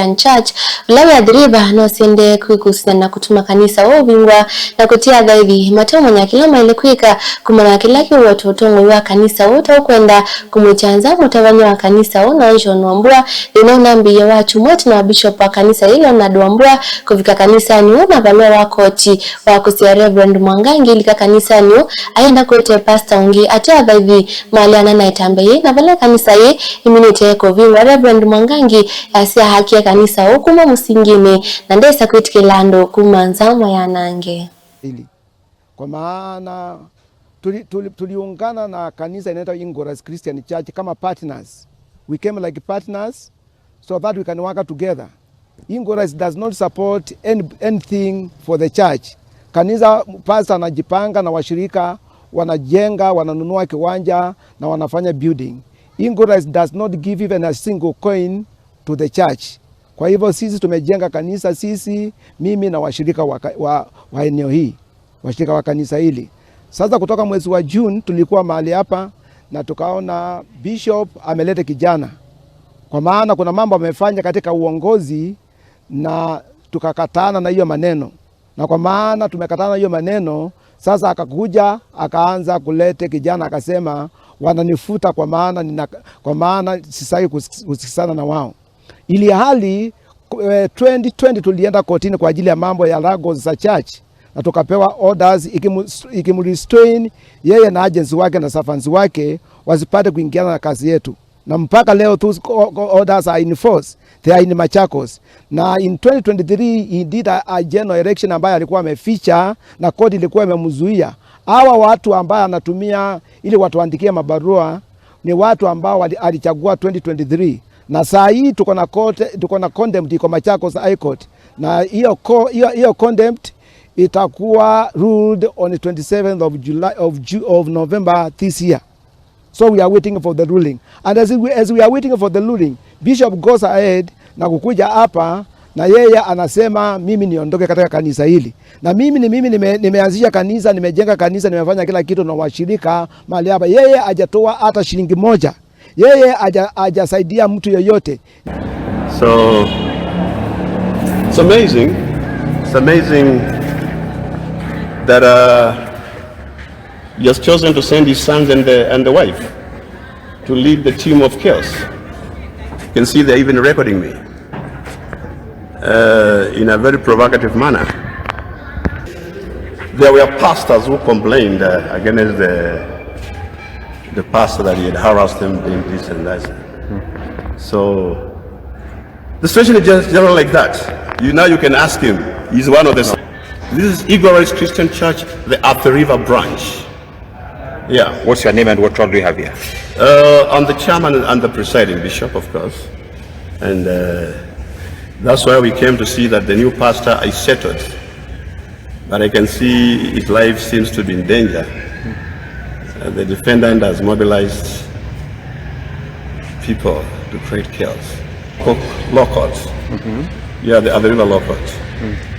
Christian Church wilaya ya Diriba nosende kwikuhusiana na kutuma kanisa wovingwa na kutia kutiaga ivi matomwenya kila maelekwika kumana kilaki watotongwe wa kanisa ukwenda kumwichanza mutavanya wa kanisa wonaisho nuambua linaunambiye watu moti na bishop wa kanisa ilo na duambua kufika kanisa ni kanisani wonavamia wakoti wakusia Reverend Mwangangi ilika wu ayenda kwete pastor ungi atiaga ivi mali itambe ye na navala kanisa ye iminiteeko vingwa Reverend Mwangangi asia haki kanisa okuma musingine na ndesa kuitikilando kumanza mwayanange ili kwa maana tuliungana tuli, tuli na kanisa inaitwa Ingoras Christian Church kama partners. We came like partners so that we can work together. Ingoras does not support any, anything for the church. Kanisa pastor anajipanga na washirika wanajenga, wananunua kiwanja na wanafanya building. Ingoras does not give even a single coin to the church. Kwa hivyo sisi tumejenga kanisa sisi, mimi na washirika wa, wa, wa eneo hii, washirika wa kanisa hili. Sasa kutoka mwezi wa Juni tulikuwa mahali hapa na tukaona bishop amelete kijana, kwa maana kuna mambo amefanya katika uongozi na tukakatana na hiyo maneno, na kwa maana tumekatana na hiyo maneno, sasa akakuja akaanza kulete kijana akasema wananifuta kwa maana nina, kwa maana sisai kusikisana na wao, ili hali 2020 eh, tulienda kotini kwa ajili ya mambo ya Lagos za church na tukapewa orders ikimrestrain yeye na agency wake na servants wake wasipate kuingiana na kazi yetu, na mpaka leo those orders are in force, they are in Machakos. Na in 2023 he did a general election ambayo alikuwa ameficha na kodi ilikuwa imemzuia. Hawa watu ambao anatumia ili watuandikie mabarua ni watu ambao alichagua 2023 na saa hii tuko na kote tuko na contempt iko Machakos High Court, na hiyo hiyo hiyo condemned itakuwa ruled on the 27th of July of, June, of November this year so we are waiting for the ruling and as we, as we are waiting for the ruling Bishop goes ahead na kukuja hapa na yeye anasema mimi niondoke katika kanisa hili, na mimi ni mimi nime, nimeanzisha kanisa, nimejenga kanisa, nimefanya kila kitu na washirika mali hapa. Yeye hajatoa hata shilingi moja yeye hajasaidia mtu yoyote. So it's amazing. It's amazing that uh, he has chosen to send his sons and the, and the wife to lead the team of chaos. You can see they're even recording me uh, in a very provocative manner. There were pastors who complained uh, against the the pastor that he had harassed him in this and that. So the situation is just general like that. You now you can ask him. He's one of the. No. This is Igor's Christian Church, the Upper River branch. Yeah. What's your name and what role do you have here? Uh, I'm the chairman and the presiding bishop, of course. And uh, that's why we came to see that the new pastor is settled. But I can see his life seems to be in danger. Uh, the defendant has mobilized people to create chaos. Lockouts. Mm-hmm. Yeah, the, at the river lockouts.